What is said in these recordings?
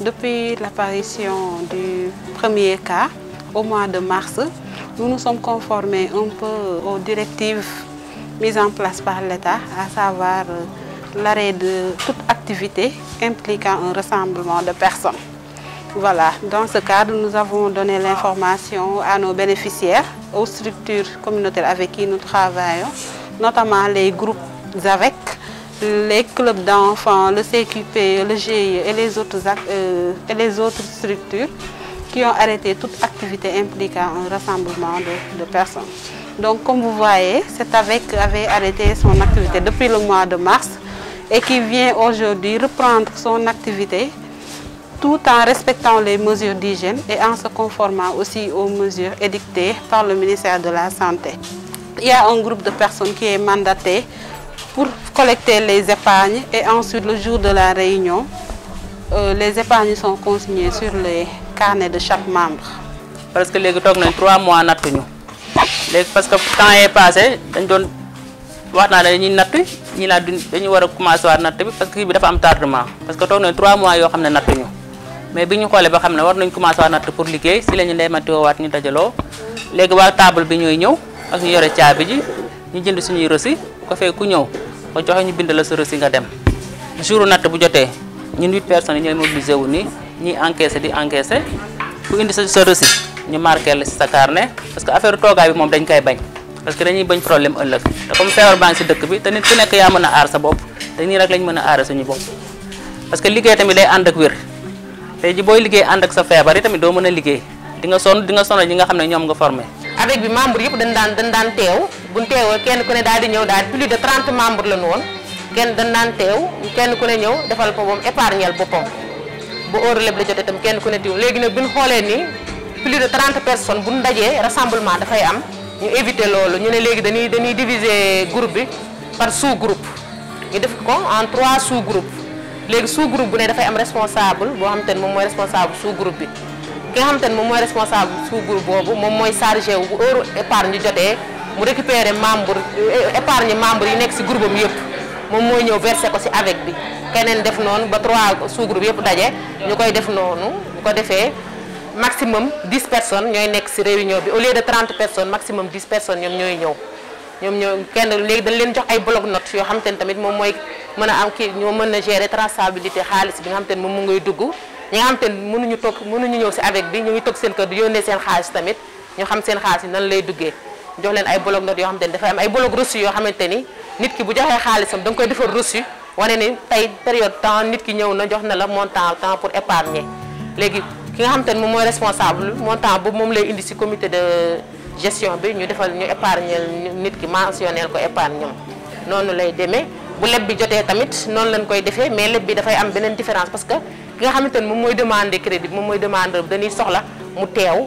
Depuis l'apparition du premier cas, au mois de mars, nous nous sommes conformés un peu aux directives mises en place par l'État, à savoir euh, l'arrêt de toute activité impliquant un rassemblement de personnes. Voilà, dans ce cadre, nous avons donné l'information à nos bénéficiaires, aux structures communautaires avec qui nous travaillons, notamment les groupes avec les clubs d'enfants, le CQP, le GIE euh, et les autres, structures qui ont arrêté toute activité impliquant un rassemblement de, personnes. Donc comme vous voyez, c'est AVEC avait arrêté son activité depuis le mois de mars et qui vient aujourd'hui reprendre son activité tout en respectant les mesures d'hygiène et en se conformant aussi aux mesures édictées par le ministère de la Santé. Il y a un groupe de personnes qui est mandaté pour collecter les épargnes et ensuite le jour de la réunion, euh, les épargnes sont consignées sur les carnets de chaque membre. Parce que les gens ont 3 mois à Parce que le temps est passé, wax naa la ñuy nattu ñi laa du dañu war a commencé waat natt bi parce que kii bi dafa am tardement parce que toog nañ 3 mois yoo xam ne mais bi ñu xoolee ba xam ne war nañ commencé waat natt pour liggéey si la ñu ndey mati waat ñu dajaloo léegi waa table bi ñooy ñëw ak ñu yore caabi ji ñu jënd suñuy rosi ko fe ku ñew ba joxe ñu bind la sa reçu nga dem jour nat bu joté ñun huit personnes ñoy mobilisé wu ni ñi encaisser di encaisser ku indi sa sa reçu ñu marqué la sa carnet parce que affaire toga bi mom dañ koy bañ parce que dañuy bañ problème ëllëg te comme fever bank ci dëkk bi te nit ku nekk ya mëna ar sa bop te ni rek lañ mëna ar sa ñu bop parce que liggéey tamit day and ak wër tay ji boy liggéey and ak sa fever yi tamit do mëna a liggéey di nga son di nga son ñi nga xamné ñom nga formé avec bi membre yëpp dañ daan dañ daan téw bu ñu teewee kenn ku ne daal di ñëw daal plus de 30 membres la ñu woon kenn dañ naan teew kenn ko ne ñëw defal ko moom épargnel boppam bu heure leb la jotee itam kenn ku ne tiw léegi nag bu ñu xoolee nii plus de 30 personnes bu ndajee dajee rassemblement dafay am ñu éviter loolu ñu ne léegi dañuy dañuy diviser groupe bi par sous group ñu def ko en trois sous groupe léegi sous groupe bu ne dafay am responsable boo xam te moom mooy responsable sous groupe bi ki nga moom mooy responsable sous groupe boobu moom mooy chargé wu bu mu récupérer membre euh, épargne membre yi nek ci groupe am yëpp mom moy ñëw verser ko ci avec bi keneen def non ba trois sous-groupe yëpp dajé ñukoy def nonu bu ko défé maximum 10 personnes ñoy nek ci réunion bi au lieu de 30 personnes maximum 10 personnes ñom ñoy ñëw ñom ñoo kenn léegi dañ leen jox ay bloc note yo xam te tamit mom moy mëna am ki ñoo mëna gérer traçabilité xaalis bi nga xam te ne moom mu ngay dugg ñi nga xam te ne mënuñu toog mënuñu ñëw ci avec bi ñu ngi tok seen kër di yónnee seen xaalis tamit ñu xam seen xaalis yi nan lay duggé jox leen ay bloc note yoo xamante ni dafay am ay bloc reçu yoo xamante ni nit ki bu joxee xaalisam da nga koy defar reçu wane ni tey période temps nit ki ñëw na jox na la montant temps pour épargner léegi ki nga xamante ni moom mooy responsable montant boobu moom lay indi si comité de gestion bi ñu defal ñu épargner nit ki mentionnel ko épargne ñoom noonu lay demee bu leb bi jotee tamit noonu lañ koy defee mais leb bi dafay am beneen différence parce que ki nga xamante ni moom mooy demande crédit moom mooy demander dañuy soxla mu teew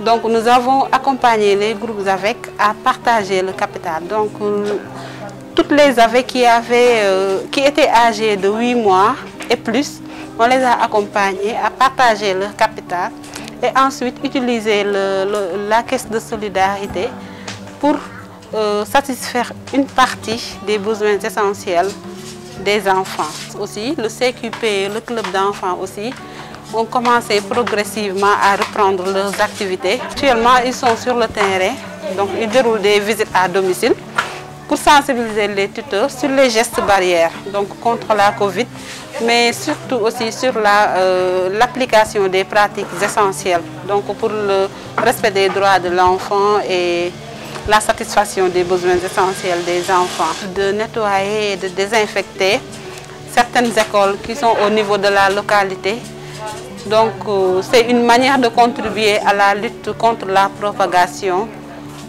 Donc nous avons accompagné les groupes avec à partager le capital. Donc euh, toutes les avec qui, euh, qui étaient âgées de 8 mois et plus, on les a accompagnés à partager leur capital et ensuite utiliser la caisse de solidarité pour euh, satisfaire une partie des besoins essentiels des enfants. Aussi, le CQP, le club d'enfants aussi, ont commencé progressivement à reprendre leurs activités. Actuellement, ils sont sur le terrain, donc ils déroulent des visites à domicile pour sensibiliser les tuteurs sur les gestes barrières, donc contre la COVID, mais surtout aussi sur euh, l'application la, des pratiques essentielles, donc pour le respect des droits de l'enfant et la satisfaction des besoins essentiels des enfants, de nettoyer et de désinfecter certaines écoles qui sont au niveau de la localité donc euh, c'est une manière de contribuer à la lutte contre la propagation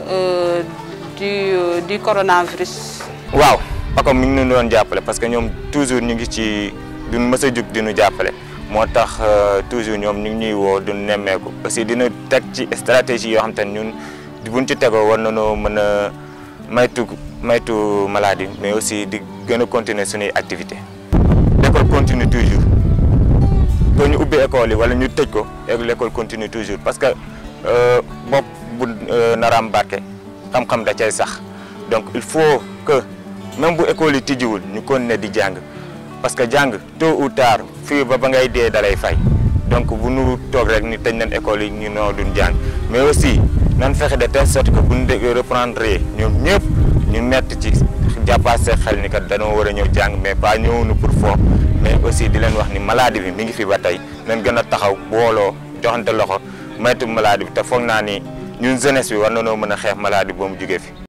euh, euh, du, coronavirus. Wow, pas comme nous parce que nous sommes toujours toujours nous. parce stratégie xam ñun maladie mais aussi de continuer activité D'accord, continue toujours doñu ñu ubbi école wala ñu tejj ko et l'école continue toujours parce que euh, bopp bu euh, naraam barke xam-xam da cay sax donc il faut que même bu école yi tijjiwul ñu continuer di jang parce que jang tôt ou tard fi ba ba ngay dee dalay fay donc bu nu tok rek ni tëj nañ école ñu noo duñ jang mais aussi nan fexé de telle sorte que bu ñu reprendre ñom ñëpp ñu metti ci jàppaat seen xel ni kat dañoo wara a jang mais pas ñëwunu pour fort aussi di leen wax ni maladie bi mi ngi fi ba tey nañ gën a taxaw booloo joxante loxo moytu malaadi bi te foog naa ni ñun jeunesse bi war na noo mën a xeex maladie bi ba jugee fi.